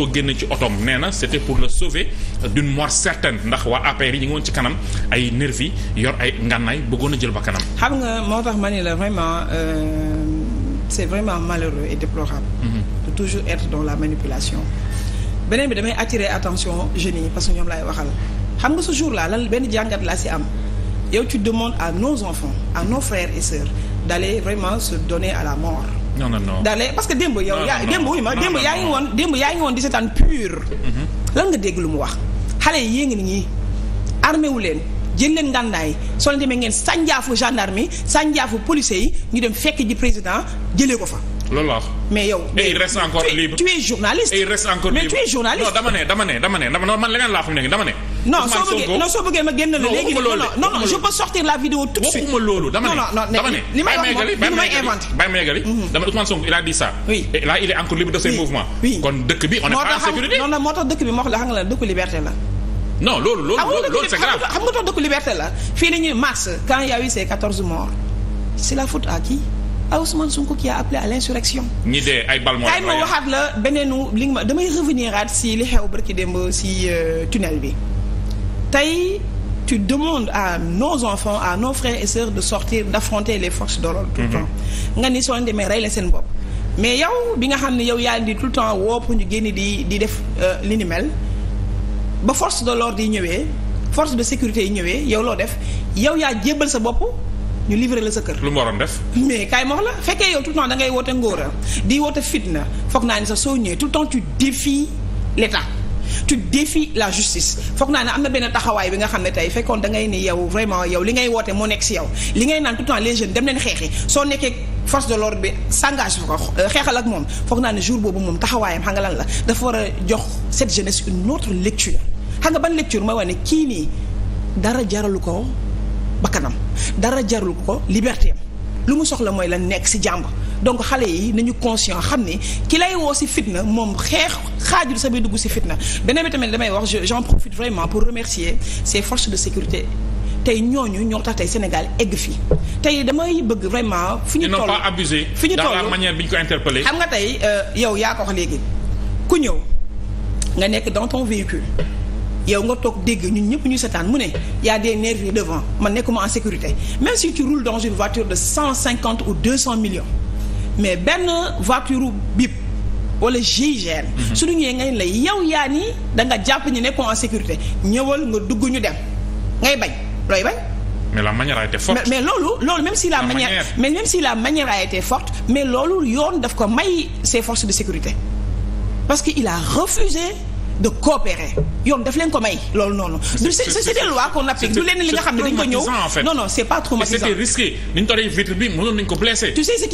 ko génne ci otom nee na c'était pour le sauver d'une mort certaine ndax waa APR yi ñu ngi woon ci kanam ay nervi yor ay ngànnaay bëggoon a jël ba kanam. xam nga moo tax ma ne la vraiment euh, c'est vraiment malheureux et déplorable. Mm-hmm. de toujours être dans la manipulation. beneen bi damay attirer attention jeunes parce que ñoom laay waxal xam nga ce jour là lan benn jàngat laa si am yow tu demandes à nos enfants à nos frères et sœurs d'aller vraiment se donner à la mort. non non non daanaka parce que démb yow. yaa démb wuy ma démb yaa ngi woon démb yaa ngi woon pur. Mhm. lan nga dégg lu mu wax xale yi yéen ngi nii armé wu leen jël leen ngànnaay soo leen demee ngeen sànjaafu gendarme yi sànjaafu policiers yi ñu dem fekk ji président jëlee ko fa. loolu la wax mais yow. et il reste encore libre tu es journaliste. et mais dama ne dama ne dama ne dama man leneen laa xam ne dama ne. non soo bëggee non soo bëggee ma génn la léegi non non non je peux sortir la vidéo tout de suite waxuma loolu dama ne dama ne li may wax bàyyi ma yeggali mhm. dama Ousmane Sonko il a dit ça oui et là il est encore libre de ses mouvements kon dëkk bi on est en sécurité non non moo tax dëkk bi moo xam la xam nga la dëkku liberté la non loolu loolu ah, loolu c'est grave xam nga tax dëkku liberté la fii nañu mars quand il y a eu ces 14 morts c'est la faute à qui à Ousmane Sonko qui a appelé à l'insurrection. ñi dee ay bal moo kay ma waxaat la beneenu li nga ma damay revenir aat si li xew barki démb si euh, tunnel bi. tey tu demandes à nos enfants à nos frères et sœurs de sortir d'affronter les forces de l'ordre tout le mhm. temps nga ni soo demee rey la seen bopp mais yow bi nga xam ne yow yaa di tout le temps woo pour ñu génn di di def euh, li ba force de l'ordre yi ñëwee force de sécurité yi ñëwee yow loo def yow yaa jébbal sa bopp ñu livré la sa kër. lu mu waroon def. mais kaay ma fekkee yow tout le temps da ngay woote ngóora di woote fitna foog naa ni sax soo ñëwee tout le temps tu défies l'État. tu défies la justice foog naa ne am na benn taxawaay bi nga xam ne tey fekkoon da ngay ni yow vraiment yow li ngay woote moo nekk si yow li ngay naan tout le temps les jeunes dem leen xeexi soo nekkee force de l'ordre bi s'engage ko euh, xeexal ak moom foog naa ne jour boobu moom taxawaayam xam nga lan la dafa war a jox cette jeunesse une autre lecture xam nga ban lecture mooy wane kii nii dara jaralu ko bakkanam dara jaralu ko liberté am lu mu soxla mooy lan nekk si jàmb donc xale yi nañu conscient xam ne ki lay woo si fitna moom xeex xaaju sa biy dugg si fitna beneen bi tamit damay wax j'en profite vraiment pour remercier ces forces de sécurité tey ñooñu ñoo tax tey Sénégal egg fii tey damay bëgg vraiment. fi ñu toll pas abusé fi ñu toll dans la bi ñu ko interpellé. xam nga tey euh, yow yaa ko wax léegi ku ñëw nga nekk dans ton véhicule yow nga toog dégg ñu ñëpp ñu setaan mu ne y a des nervis devant man nekkuma en sécurité même si tu de cent cinquante ou deux cent millions. mais benn voiture bip wala GIGN. Mhm. suñu ñëwee ngay la yow yaa nii da nga jàpp ñu nekkoon en sécurité ñëwal nga dugg ñu dem ngay bañ looy bañ. mais la manière te été forte. mais loolu loolu même si la, la mais si la manière a forte mais loolu yoon daf ko may ses force de sécurité parce que il a refusé. de coopérer yoon daf leen ko may loolu noonu. du c'est des lois qu'on applique du li nga xam ne dañ ko ñëw non non c'est pas traumatisant. c'était risqué ni ñu tollee vitre bi mënoon nañu ko tu sais ce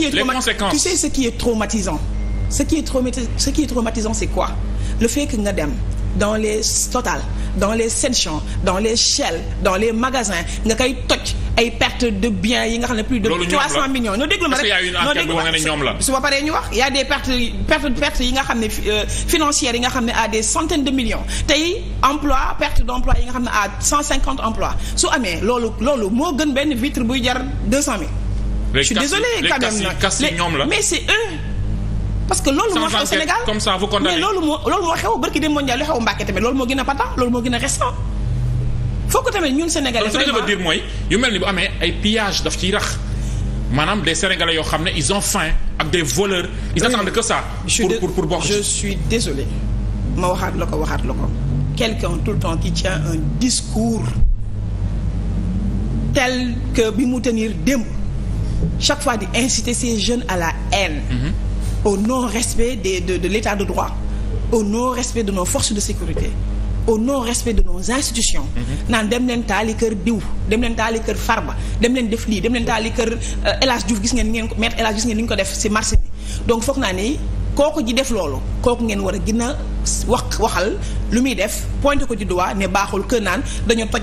qui est traumatisant ce qui est traumatisant. c'est quoi le fait que nga dem dans les Total dans les Auchan dans les Shell dans les magasins nga koy toj. ay perte de biens yi nga xam ne plus de. trois cent déglu ma rek noo déglu ma su paree ñu wax y a des pertes perte perte yi nga xam ne euh, financières yi nga xam ne à des centaines de millions tey emploi perte d' yi nga xam ne à cent cinquante emploi su amee loolu loolu moo gën benn vitre buy jar deux cent mille. je désolé quand nag mais c'est eux parce que loolu moo xew Sénégal mais loolu moo loolu moo xew barki dem mondial loolu moo gën a patent loolu moo gën a restant faut que tamit ñun sénégalais. vraiment ce que mooy yu mel ni bu amee ay pillage daf ciy rax maanaam des sénégalais yoo xam ne ils ont faim ak des voleurs. ils n'attendent que ça. pour pour pour bokk je suis désolé ma waxaat la ko waxaat la ko. quelqu'un tout le temps qui tient un discours tel que bi mu tenir démb chaque fois di inciter ces jeunes à la haine. Mm-hmm. au non-respect de l'état de droit au non-respect de nos forces de sécurité. au non respect de nos institutions. Mhm. naan dem leen taali kër diw dem leen taali kër farba dem leen def lii dem leen taali kër euh, El Hadj gis ngeen ngeen ko maître El gis ngeen ni ñu ko def ci marché bi donc foog naa ni kooku ji def loolu kooku ngeen war a gën a wax waxal lu muy def pointé ko ci doigt ne baaxul kër naan dañoo toj